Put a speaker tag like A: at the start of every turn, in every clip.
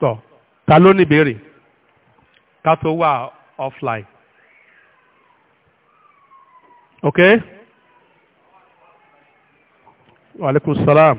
A: tọ̀ ta ló ní ìbéèrè ká tó wà offline ok waaleykum salaam.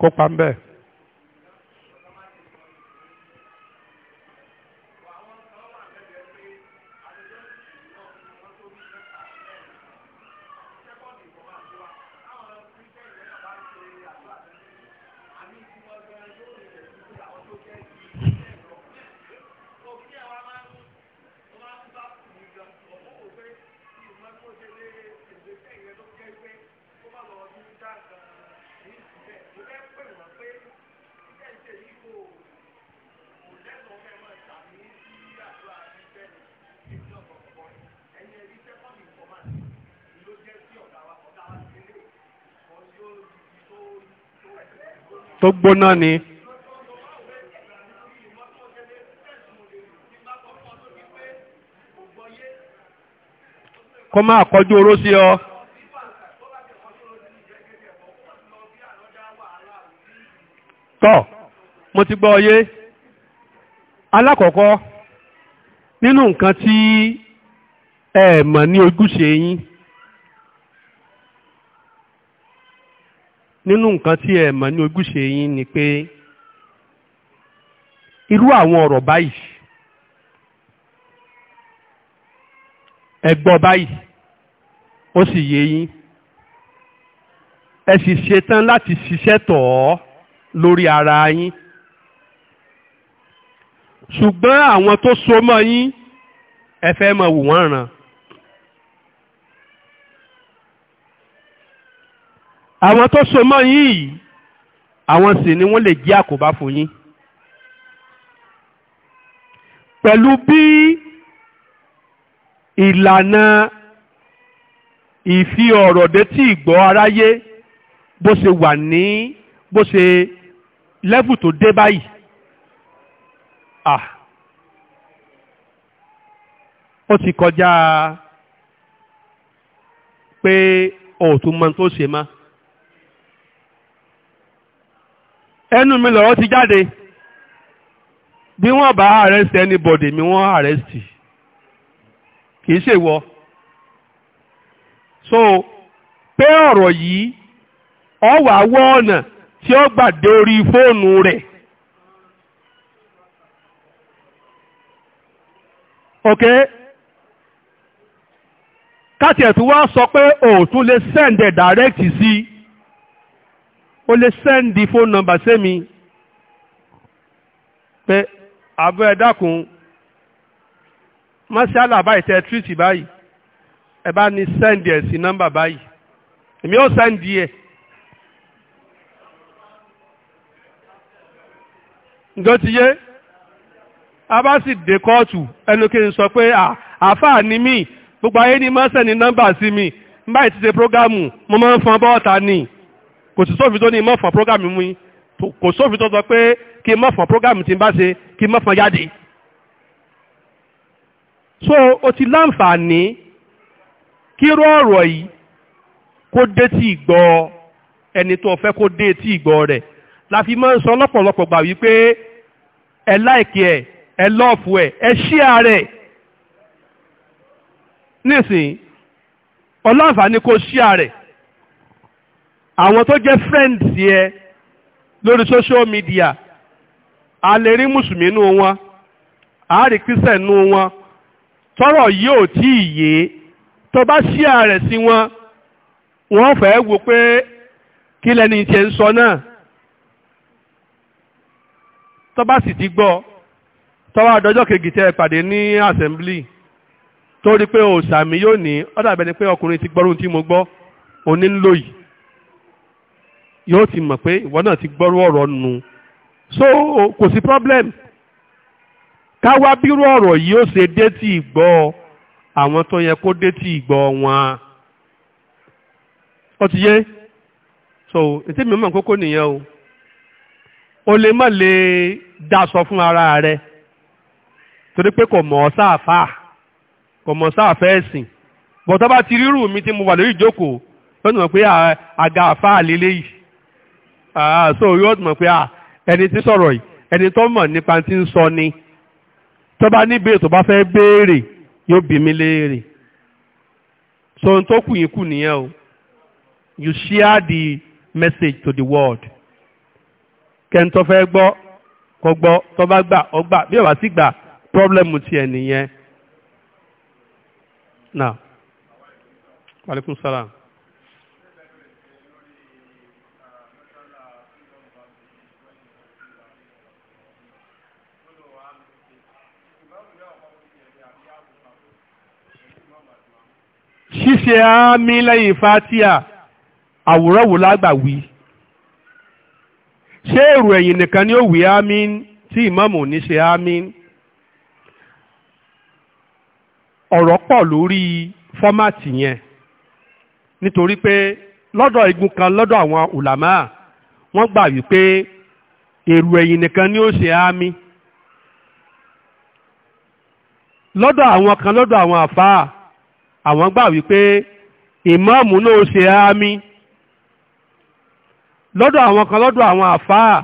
A: kópa ń bẹ́ẹ̀. tó gbóná ni kó máa kọjú oró sí ọ. tọ́ mo ti gbọ́ ọyé alákọ̀ọ́kọ́ nínú nǹkan tí ẹ ní ojúṣe yín nínú nǹkan tí ẹ mọ̀ ní ojúṣe yín ni pé irú àwọn ọ̀rọ̀ báyìí ẹ gbọ́ báyìí ó sì yé yín ẹ sì ṣetán láti ṣiṣẹ́ tọ̀ ọ́ lórí ara yín ṣùgbọ́n àwọn tó so mọ́ yín ẹ fẹ́ mọ̀ wò wọ́n ràn. àwọn tó so mọ́ yín yìí àwọn sì ni wọ́n lè jẹ́ àkóbá fún yín pẹ̀lú bí ìlànà ìfi ọ̀rọ̀ détí ìgbọ́ aráyé bó ṣe wà ní bó ṣe lẹ́fù tó dé báyìí ah ó ti kọjá pé òòtún mọ tó ṣe máa ẹnu mi lọ̀rọ̀ ti jáde bí wọ́n bá arrest anybody mi wọ́n arrest kì í ṣe wọ́ so pé ọ̀rọ̀ yìí ọ wà wọ́ ọ̀nà tí ó gbà dé orí fóònù rẹ̀ ok káti ẹ̀ tún wá sọ pé òòtún lè send ẹ̀ direct sí i o lè phone number nọ́mbà sẹ́mi pé àbọ̀ ẹ dákun mọ́sálà báyìí tẹ tírìtì báyìí ẹ bá ní sẹ́ndì ẹ̀ sí nọ́mbà báyìí èmi ó sẹ́ndì ẹ̀ ǹjọ́ ti yé a bá sì ẹnu kí n sọ pé àáfàá ni mí gbogbo ayé ni mọ́sẹ̀ ní nọ́mbà sí mi báyìí ti ṣe prógámù mo máa ń fọn bọ́ọ̀ta ni kò sí sófin tó ní mọ́ fún program mú yín kò sófin tó sọ pé kí mọ́ fún program tí n bá ṣe kí mọ́ fún jáde. so o ti láǹfààní kí irú ọ̀rọ̀ yìí kó dé tí ìgbọ́ ẹni tó fẹ́ kó dé tí ìgbọ́ rẹ̀ la fi máa ń sọ lọ́pọ̀lọpọ̀ gbà wípé ẹ láìkí ẹ ẹ lọ́ọ̀fù ẹ ẹ ṣí ààrẹ nísìnyí ọlọ́ǹfààní kó ṣí ààrẹ àwọn tó jẹ́ friends yẹ lórí social media a lè rí mùsùlùmí nù wọn a rí christian nù wọn tọrọ yóò tí ì yé tó bá ṣíà rẹ̀ sí wọn wọ́n fẹ́ wò pé kí lẹni ṣe ń sọ náà tó bá sì ti gbọ́ tọ́wọ́ àdọ́jọ́ kejì tẹ́ pàdé ní assembly torí pé òsàmì yóò ní ó pé ọkùnrin ti gbọ́rùn tí mo gbọ́ onílò yìí yóò ti mọ̀ pé ìwọ náà ti gbọ́rú ọ̀rọ̀ nu so kò sí problem káwá bírú ọ̀rọ̀ yìí ó ṣe dé tí ìgbọ́ àwọn tó yẹ kó dé tí ìgbọ́ wọn ó ti yé so ètí mi mọ̀ kókó nìyẹn o o lè má lè dáṣọ fún ara rẹ torí pé kò mọ̀ ọ́ sáàfà kò mọ̀ sáàfẹ́ ẹ̀sìn bọ̀tọ́ bá ti rírù mi tí mo wà lórí ìjókòó lọ́nà pé àga àfáà lélẹ́yìí Ah, so yóò mọ̀ pé ah, ẹni tí sọ̀rọ̀ yìí ẹni tó mọ̀ nípa tí ń sọ ni tó bá níbèrè tó bá fẹ́ béèrè yóò bí mi léèrè so n tó kù yín kù nìyẹn o you share the message to the world kẹ́ni tó fẹ́ gbọ́ kó gbọ́ tó bá gbà ó gbà bí ó bá sì gbà problem tiẹ̀ nìyẹn now. Wa alaikum ṣíṣe àmì lẹ́yìn fatia àwòrán wò lágbà wí ṣé èrò ẹ̀yìn nìkan ni ó wí àmì tí ìmáàmù ní ṣe àmì ọ̀rọ̀ pọ̀ lórí fọ́mátì yẹn nítorí pé lọ́dọ̀ igun kan lọ́dọ̀ àwọn ulama wọ́n gbà wípé èrò ẹ̀yìn nìkan ni ó ṣe àmì lọ́dọ̀ àwọn kan lọ́dọ̀ àwọn àfáà àwọn gbà wípé ìmáàmù náà ṣe ámì lọ́dọ̀ àwọn kan lọ́dọ̀ àwọn àfáà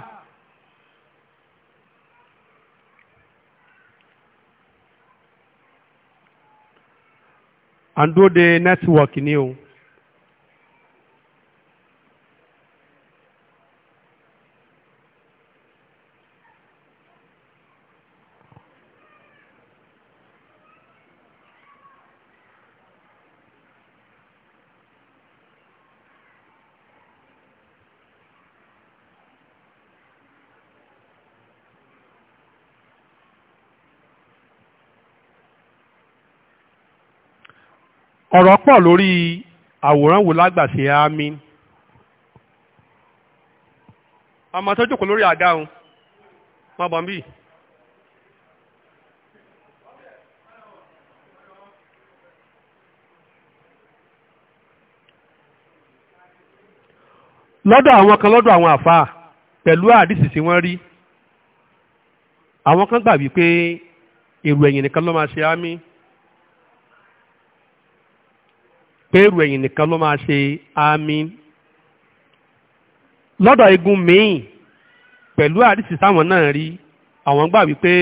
A: andode network ni o. ọ̀rọ̀ pọ̀ lórí àwòrán wo lágbàṣe àmín ọmọ tó jókòó lórí àga òun má bọ̀ bí. lọ́dọ̀ àwọn kan lọ́dọ̀ àwọn àfáà pẹ̀lú àdìsí tí wọ́n rí àwọn kan gbà wípé èrò ẹ̀yìn nìkan ló máa ṣe àmín. péèrú ẹ̀yìn nìkan ló máa ṣe àmín lọ́dọ̀ igun míì pẹ̀lú àdìsí táwọn náà rí àwọn gbà wípé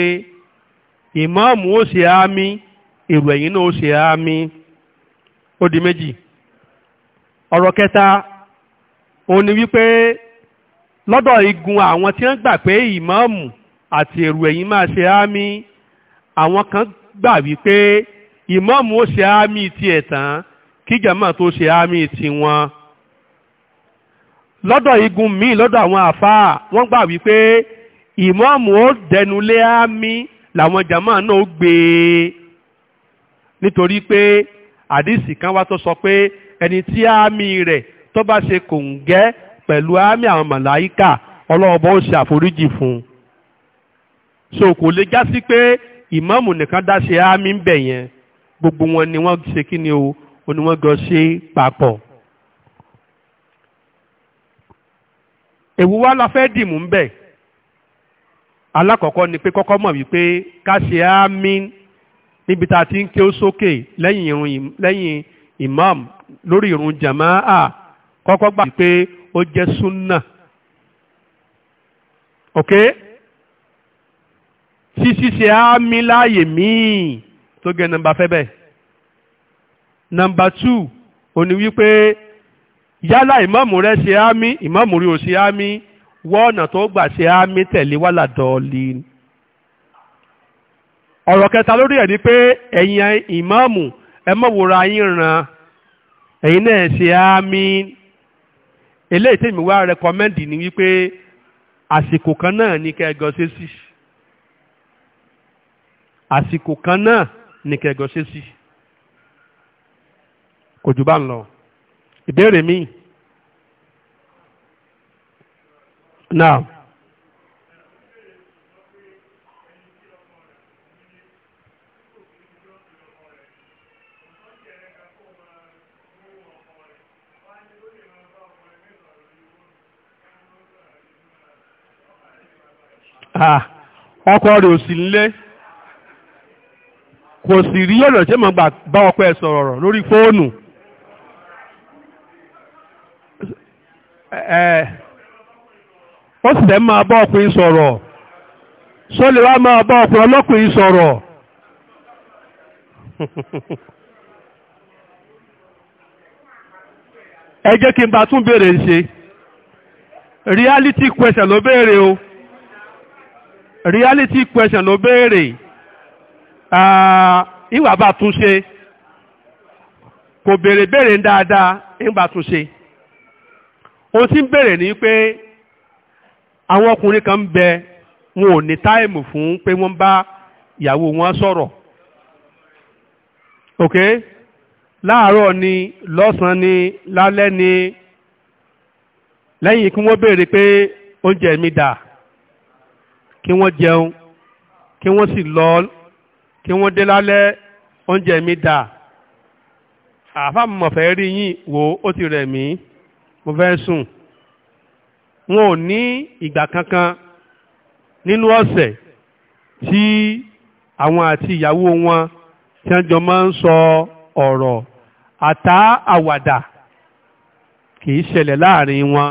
A: ìmáàmù ó ṣe àmín èrò ẹ̀yìn náà ó ṣe àmín ó di méjì ọ̀rọ̀ kẹta òun ni wípé lọ́dọ̀ igun àwọn tí wọ́n gbà pé ìmáàmù àti èrò ẹ̀yìn máa ṣe àmín àwọn kan gbà wípé ìmáàmù ó ṣe àmín tiẹ̀ tán kí jàmáà tó ṣe àmì tiwọn lọ́dọ̀ igun míì lọ́dọ̀ àwọn àfáà wọ́n gbà wípé ìmọ̀ọ̀mù ó dẹnulé àmì làwọn jàmáà náà ó gbé e nítorí pé àdìsí kan wá tó sọ pé ẹni tí àmì rẹ̀ tó bá ṣe kòǹgẹ́ pẹ̀lú àmì àwọn màláíkà ọlọ́ọ̀bọ ó ṣe àforíjì fún so kò lè já sí pé ìmọ̀ọ̀mù nìkan dá ṣe àmì ń bẹ̀ yẹn gbogbo wọn ni wọ́n ṣe kí ni o ó ní wọ́n jọ ṣe papọ̀. èwo wá la fẹ́ dìmú ń bẹ̀ alákọ̀ọ́kọ́ ni pé kọ́kọ́ mọ̀ wípé ká ṣe àmín níbi tá a ti ń ké ó sókè lẹ́yìn irun lẹ́yìn imam lórí irun jàmáà kọ́kọ́ gbà pé ó jẹ́ súnà ok ṣíṣíṣe àmín láàyè míì tó gẹ nàmbà fẹ́ bẹ́ẹ̀. nọmba two òní wípé yálà ìmáàmù rẹ ṣe ámì ìmáàmù rí o ṣe ámì wọ́n ọ̀nà tó gbà ṣe ámì tẹ̀lé ọ̀rọ̀ kẹta lórí ẹ̀ ni pé ẹ̀yin ìmáàmù ẹ má na yín ràn ẹ̀yin náà ṣe ámì. eléyìí wá ni wípé àsìkò kan náà kò jù bá ń lọ ìbéèrè míì náà. ọkọ rẹ̀ ò sí nílé kò sì rí ọ̀nà tí mo gbà bá ó sì fẹ́ máa bá ọkùnrin sọ̀rọ̀ sọ́lé wa máa bá ọkùnrin ọlọ́kùnrin sọ̀rọ̀ ẹ kí n bá tún béèrè ń ṣe reality question ló béèrè o reality question ló béèrè ìwà bá tún ṣe kò béèrè béèrè ń dáadáa ìgbà tún ṣe. ohun tí ń bèrè ni pé àwọn ọkùnrin kan ń bẹ wọn ò ní táìmù fún pé wọ́n bá ìyàwó wọn sọ̀rọ̀ ok láàárọ̀ ni lọ́sàn-án ni lálẹ́ ni lẹ́yìn kí wọ́n bèrè pé oúnjẹ mi dà kí wọ́n jẹun kí wọ́n sì lọ kí wọ́n dé lálẹ́ oúnjẹ mi dà àfàmọ̀fẹ́ rí yín wò ó ti rẹ̀ mí mo fẹ́ sùn wọn ò ní ìgbà kankan nínú ọ̀sẹ̀ tí àwọn àti ìyàwó wọn tí wọ́n jọ máa ń sọ ọ̀rọ̀ àtà àwàdà kì í ṣẹlẹ̀ láàrin wọn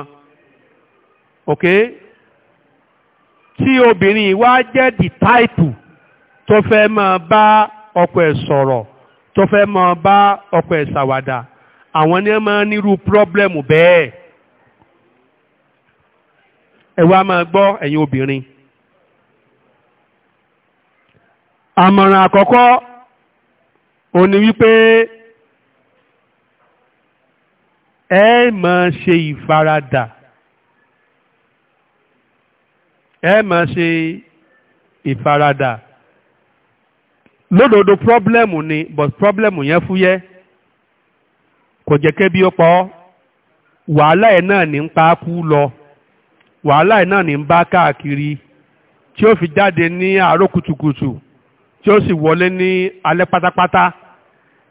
A: ok tí obìnrin wá jẹ́ the type tó fẹ́ máa bá ọkọ ẹ̀ sọ̀rọ̀ tó fẹ́ máa bá ọkọ ẹ̀ ṣàwàdà àwọn ní máa nírú pírọ́blẹ́mù bẹ́ẹ̀ ẹ wá máa gbọ́ ẹ̀yin obìnrin àmọ̀ràn àkọ́kọ́ òun ni wípé ẹ máa ṣe ìfaradà ẹ máa ṣe ìfaradà lódodo pírọ́blẹ́mù ni but pírọ́blẹ́mù yẹn fúyẹ́ kò jẹ́ kẹ́bí ọ̀pọ̀ wàhálà ẹ̀ náà ní ń pa á kú lọ wàhálà ẹ̀ náà ní ń bá káàkiri tí ó fi jáde ní àárọ̀ kùtùkùtù tí ó sì wọlé ní alẹ́ pátápátá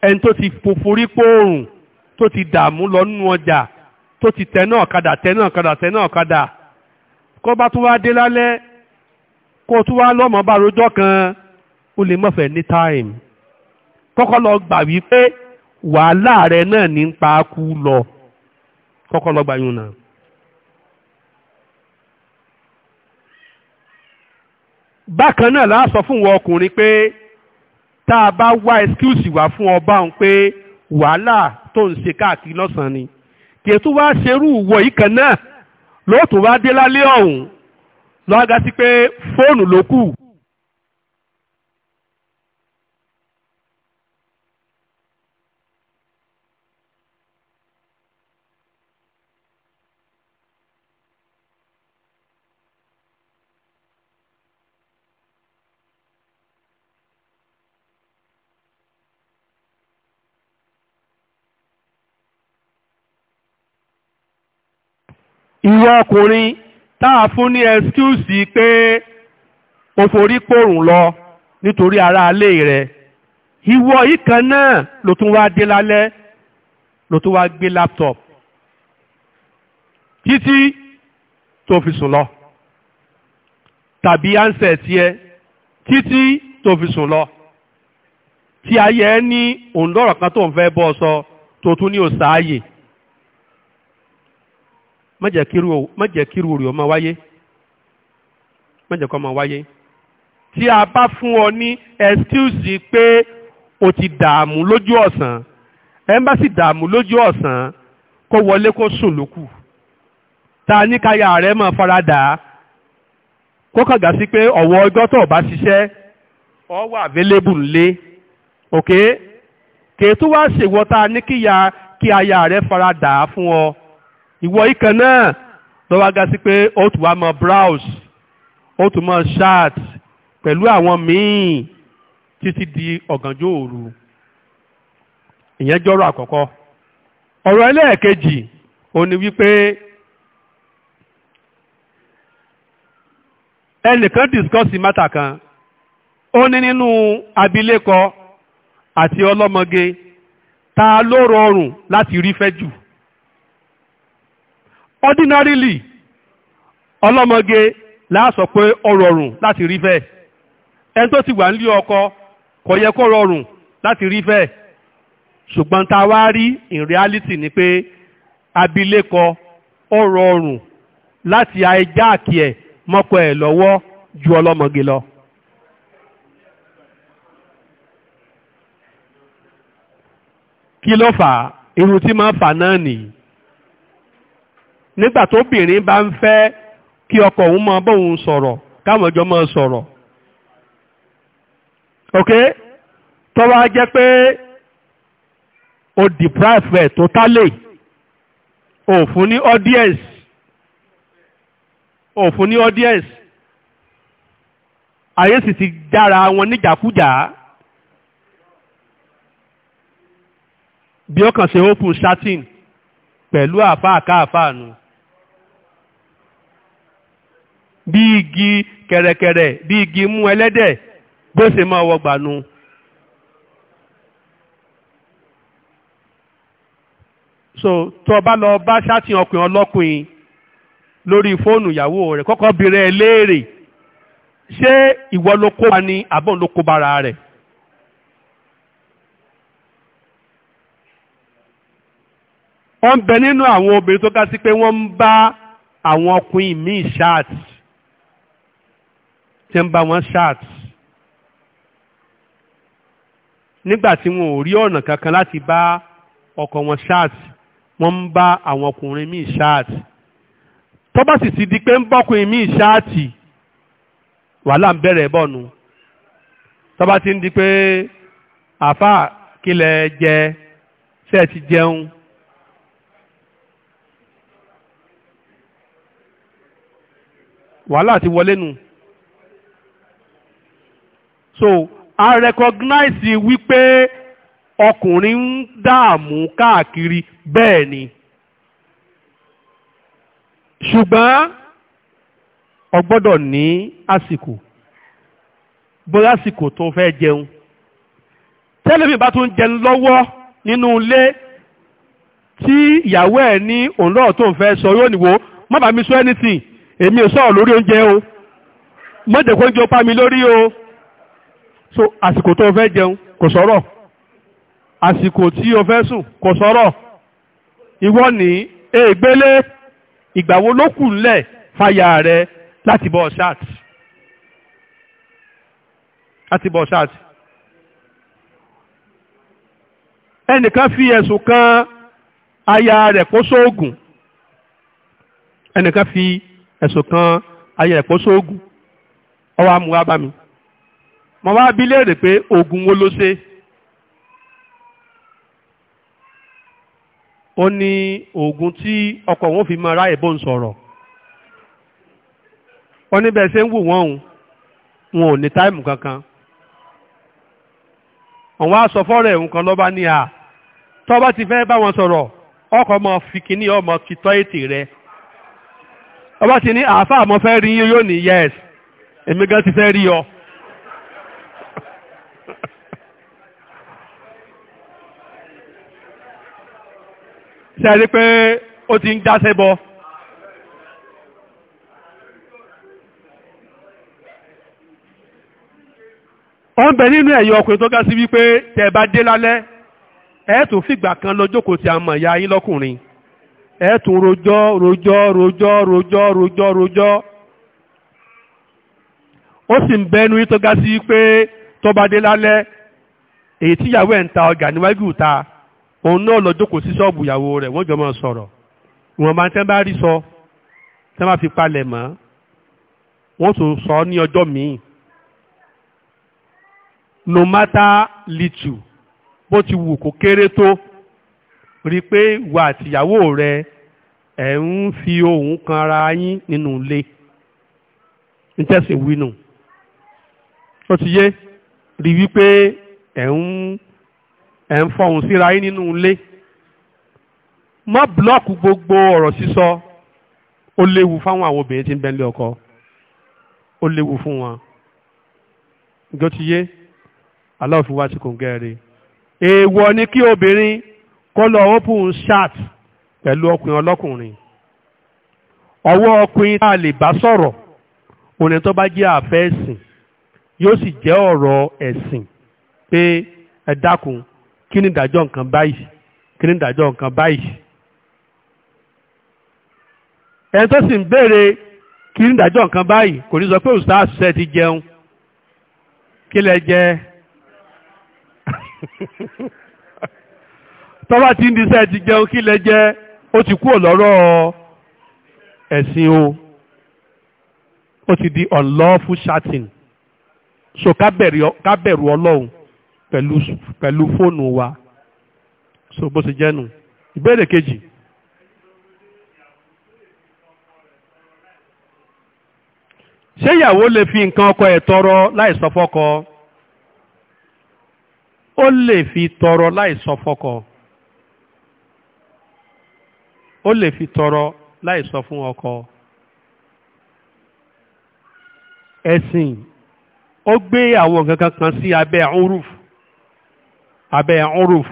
A: ẹni tó ti foforí pòòrùn tó ti dààmú lọ nínú ọjà tó ti tẹ̀ náà kadà tẹ̀ náà kadà kó bá tún wá dé lálẹ́ kó tún wá lọ́mọ bá rojọ́ kan ó lè mọ̀fẹ́ ní táìmù kọ́kọ́ lọ gbà wípé wàhálà rẹ náà ní ń pa kú lọ kọ́kọ́ lọ́gbà yún náà. bákan náà la sọ fún wọn ọkùnrin pé tá a bá wá excuse wá fún ọba òun pé wàhálà tó ń ṣe káàkiri lọ́sàn-án ni kì í tún wá ṣerú ìwọ yìí náà lóòótọ́ wá dé lálẹ́ ọ̀hún lọ́gá pé fóònù ló kù ìwọ ọkùnrin táà fún ní ẹskúùsì pé o forí kòrùn lọ nítorí aráalé rẹ ìwọ yìí kan náà ló tún wá dé lálẹ́ ló tún wá gbé laptop títí tó fi sùn lọ tàbí ansẹ̀ tiẹ̀ títí tó fi sùn lọ tí ayé ẹ ní òǹdọ̀rọ̀ kan tó ń fẹ́ bọ́ sọ tó tún ní òsáàyè. mọ̀jẹ̀kíru orí ọmọ wáyé mọ̀jẹ̀kọ́ ọmọ wáyé tí a bá fún ọ ní excuse pé o ti dààmú lójú ọ̀sán ẹ̀ bá sì dààmú lójú ọ̀sán kó wọlé kó sùn lókù ta ní káyà rẹ̀ mọ̀ faradà kó kàgà sí pé ọ wà available ọ. ìwọ yìí kan náà tó wá ga sí pé ó tún wá mọ browse ó tún mọ chat pẹ̀lú àwọn míì títí di ọ̀gànjọ́ òru ìyẹn jọ́rọ̀ àkọ́kọ́ ọ̀rọ̀ ẹlẹ́ẹ̀kejì ó ní wípé ẹnìkan discuss mátà kan ó ní nínú abilékọ àti ọlọ́mọge ta ló rọrùn láti rí fẹ́ jù ordinarily ọlọ́mọge láàsọ pé ó rọrùn láti rí fẹ́ ẹni tó ti wà nílé ọkọ kò yẹ kó rọrùn láti rí fẹ́ ṣùgbọ́n tá a wá rí in reality ni pé abilékọ ó rọrùn láti ajá àkì ẹ̀ mọ́kọ ẹ̀ lọ́wọ́ ju ọlọ́mọge lọ. kí ló fà irun tí máa fà náà nìyí nígbà tóbìnrin bá ń fẹ́ kí ọkọ òun máa bóun sọ̀rọ̀ káwọn ọjọ́ máa sọ̀rọ̀ ok tó wá jẹ́ pé o deprive ẹ̀ totally o fún ní audience o fún ní audience ayé sì ti dára wọn níjàkújà bí ó kàn ṣe open chatting pẹ̀lú àfáà káàfáà nù. No bí igi kẹ̀rẹ̀kẹ̀rẹ̀ bí igi mú ẹlẹ́dẹ̀ bó ṣe máa wọ gbànú. so tó o bá lọ bá ṣáàtìyàn ọkùnrin ọlọ́kùnrin lórí fóònù ìyàwó rẹ̀ kọ́kọ́ bèrè ẹ léèrè ṣé ìwọ ló kóba ni àbọ̀n ló kóba ara rẹ̀. wọ́n bẹ nínú àwọn obìnrin tó ká sí pé wọ́n ń bá àwọn ọkùnrin míì ṣáàtì tí ń bá wọn ṣáàt nígbà tí wọn ò rí ọ̀nà kankan láti bá ọkọ wọn ṣáàt wọ́n ń bá àwọn ọkùnrin míì ṣáàt tó sì ti di pé ń bọ́kùnrin míì ṣáàtì wàhálà ń bẹ̀rẹ̀ bọ̀nu tó bá ti ń di pé àfa kílẹ̀ jẹ ṣe ti jẹun wàhálà ti wọlé nù so I recognize wípé ọkùnrin ń dààmú káàkiri bẹ́ẹ̀ ni ṣùgbọ́n o gbọ́dọ̀ ní àsìkò bóyá àsìkò tó fẹ́ jẹun tẹ́lẹ̀mí bá tún jẹun lọ́wọ́ nínú ilé tí ìyàwó ẹ̀ ní òun tó fẹ́ sọ yóò níwò má mi sọ anything èmi ò sọ̀rọ̀ lórí oúnjẹ o mọ́jẹ̀kọ́ oúnjẹ ó pa mi lórí o so àsìkò tó o fẹ́ jẹun kò sọ̀rọ̀ àsìkò tí o fẹ́ sùn kò sọ̀rọ̀ ìwọ ní ègbélé ìgbà wo ló kù ńlẹ̀ fàyà rẹ láti bọ́ ṣáàt láti bọ́ ṣáàt ẹnìkan fi ẹ̀sùn kan aya rẹ̀ kó sóògùn ẹnìkan fi ẹ̀sùn kan aya rẹ̀ kó sóògùn ọwọ́ amúhábàmí mo wá bi léèrè pé oògùn wo ló ṣe ó ní oògùn tí ọkọ òun fi máa ráyè bó ń sọ̀rọ̀ ó ní bẹ́ẹ̀ ṣe ń wù wọ́n òun wọn ò ní táìmù kankan àwọn asọ̀fọ́rọ̀ ẹ̀hún kan lọ́ba ní a tó ti fẹ́ bá wọn sọ̀rọ̀ ọkọ̀ ọmọ fi kíní ọmọ fi tọ́ ètè rẹ̀ ọba ti ní àáfàá mo fẹ́ rí yín yóò ní yes èmi gan ti fẹ́ rí ọ. ṣe rí pé ó ti ń dáṣẹ́ bọ́. ó ń bẹ nínú ẹ̀yọ ọkùnrin tó ga sí wípé tẹ̀ bá dé lálẹ́ ẹ̀ tún fìgbà kan lọ jókòó ti àmọ̀ ìyá yín lọ́kùnrin ẹ̀ tún rojọ́ rojọ́ rojọ́ rojọ́ rojọ́ rojọ́ ó sì ń bẹ́nu yín tó ga sí wípé tó dé lálẹ́ èyí tíyàwó ẹ̀ ń ta ọjà níwájú ìta òun náà lọ jókòó sí ṣọ́ọ̀bù ìyàwó rẹ̀ wọ́n jọ máa sọ̀rọ̀ ìwọ̀n máa tẹ́ bá rí sọ tẹ́ bá fi palẹ̀ mọ́ wọ́n tún sọ ní ọjọ́ míì no matter little bó ti wù kó kéré tó rí i pé ìwà àtìyàwó rẹ ẹ̀ ń fi ohun kan ara yín nínú ilé ń tẹ̀sí wínú ó ti yé rí wípé ẹ̀ ń ẹ̀ ń fọhùn síra yín nínú ilé má búlọ́ọ̀kù gbogbo ọ̀rọ̀ sísọ ó léwu fáwọn àwọn obìnrin tí ń bẹ́ńlẹ̀ ọkọ ó léwu fún wọn ǹjọ́ ti yé aláòfin wá sí kòǹgẹ́rẹ́ èèwọ̀ ni kí obìnrin kó lọ open chat pẹ̀lú ọkùnrin ọlọ́kùnrin ọwọ́ ọkùnrin tá a lè bá sọ̀rọ̀ òní tó bá jẹ́ àfẹ́ ẹ̀sìn yóò sì jẹ́ ọ̀rọ̀ ẹ̀sìn pé ẹ dákun kí ni ìdájọ́ nǹkan báyìí kí ni ìdájọ́ nǹkan báyìí ẹni tó sì ń béèrè kí ni ìdájọ́ nǹkan báyìí kò ní sọ pé ustaz ṣe ti jẹun kí lẹ jẹ tọ́wá tí ń di ti jẹun kí lẹ jẹ ó ti kúrò lọ́rọ̀ ẹ̀sìn o ó ti di unlawful chatting so ká bẹ̀rù ọlọ́run. pẹ̀lú pẹ̀lú fóònù wa so bó ṣe jẹ́nu ìbéèrè kejì. ṣé ìyàwó lè fi nǹkan ọkọ ẹ̀ tọrọ láì sọ fọ́kọ ó lè fi tọrọ láì sọ fọ́kọ ó lè fi tọrọ láì sọ fún ọkọ ẹ̀sìn ó gbé àwọn nǹkan kan sí abẹ́ uruf abẹ́ uruf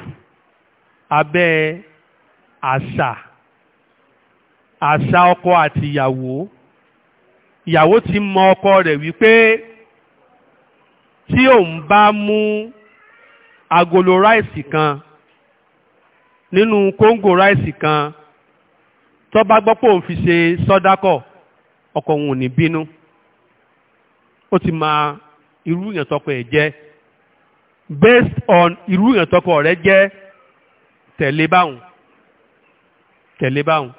A: abẹ́ àṣà àṣà ọkọ àti ìyàwó ìyàwó ti mọ ọkọ rẹ̀ wípé tí òun bá mú agolo ráìsì kan nínú kóńgò ráìsì kan tó bá gbọ́ pé òun fi ṣe sọ́dákọ̀ ọkọ òun ò ní bínú ó ti máa irú ìyàn tọkọ ẹ̀ jẹ́ based on irú èèyàn tọkọ rẹ jẹ́ tẹ̀lé báwọn tẹ̀lé báwọn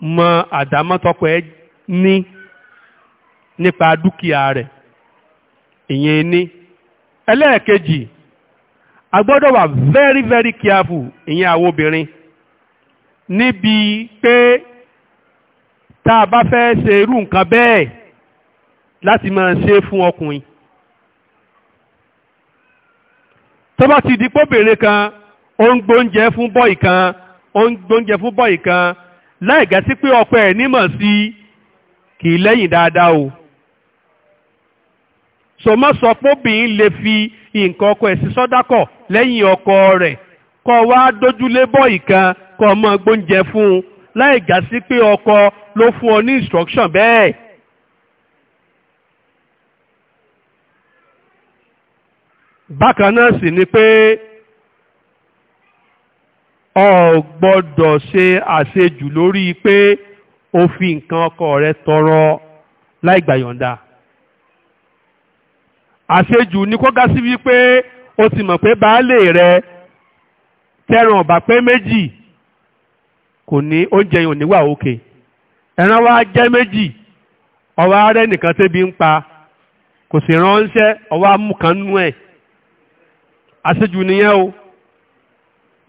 A: mọ àdámọ́ tọkọ ẹ ní nípa dúkìá rẹ ìyẹn ní ẹlẹ́ẹ̀kejì a gbọ́dọ̀ wà very very careful ìyẹn àwọn obìnrin níbi pé tá a bá fẹ́ ṣe irú nǹkan bẹ́ẹ̀ láti máa ṣe fún ọkùnrin tó bá ti di pọ́bìnrin kan ó ń gbóúnjẹ fún bọ́ì kan ó ń gbóúnjẹ fún bọ́ì kan láì gá sí pé ọkọ ẹ̀ nímọ̀ sí kì í lẹ́yìn dáadáa o so má sọ póbìnrin lè fi nǹkan ọkọ ẹ̀ sí sọ́dákọ̀ lẹ́yìn ọkọ rẹ̀ kọ́ wá dójúlé bọ́ì kan kọ́ ọmọ gbóúnjẹ fún un láì gá sí pé ọkọ ló fún ọ ní instruction bẹ́ẹ̀. bákan náà sì ni pé o gbọ́dọ̀ ṣe àṣejù lórí pé o fi nǹkan ọkọ rẹ tọrọ láì gbàyọ̀ǹda àṣejù ni kó gá sí wípé o ti mọ̀ pé baálé rẹ tẹran ọ̀bà pé méjì kò ní oúnjẹ yìí ò ní wà òkè ẹran wa jẹ́ méjì ọwọ́ arẹ́ nìkan tẹ́bi ń pa kò sì ránṣẹ́ ọwọ́ amúkanú ẹ̀ àṣejù nìyẹn o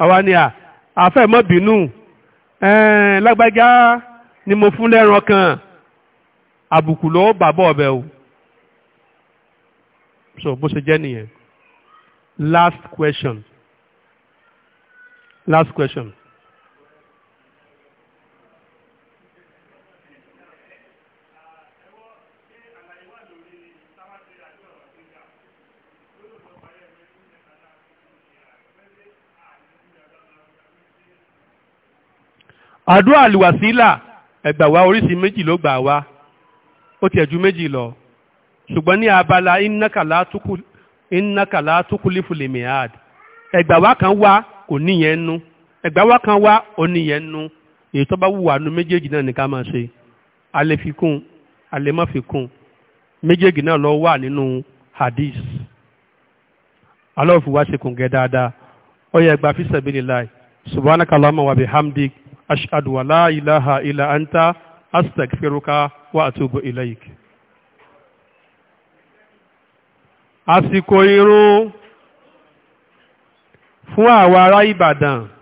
A: àwa ni à àfẹ́ mọ́ bínú lágbájá ni mo fún lẹ́ran kan àbùkù ló bàbọ̀ ọ̀bẹ o so bó ṣe jẹ́ nìyẹn last question last question. àdúrà àlùwàsílà ẹ̀gbà wa oríṣi méjì ló gbà wá ó tiẹ̀ ju méjì lọ ṣùgbọ́n ní abala ìnákàlá túkúlífù lèmíhàd ẹ̀gbà wa kan wá kò níyẹn nú ẹ̀gbà wa kan wá ó níyẹn nú èyí tó bá wùwà nu méjèèjì náà ní ká máa ṣe alẹ́ fi kún alẹ́ má fi kún méjèèjì náà lọ wà nínú hadith alọ́ọ̀fù wá ṣe kùn gẹ́ dáadáa ó yẹ ẹ̀gbà fi sabilillah subhanakallahumma wa bihamdik ashhadu wa la ilaha illa anta astaghfiruka wa atubu ilaik àsìkò irun fún àwa ará Ìbàdàn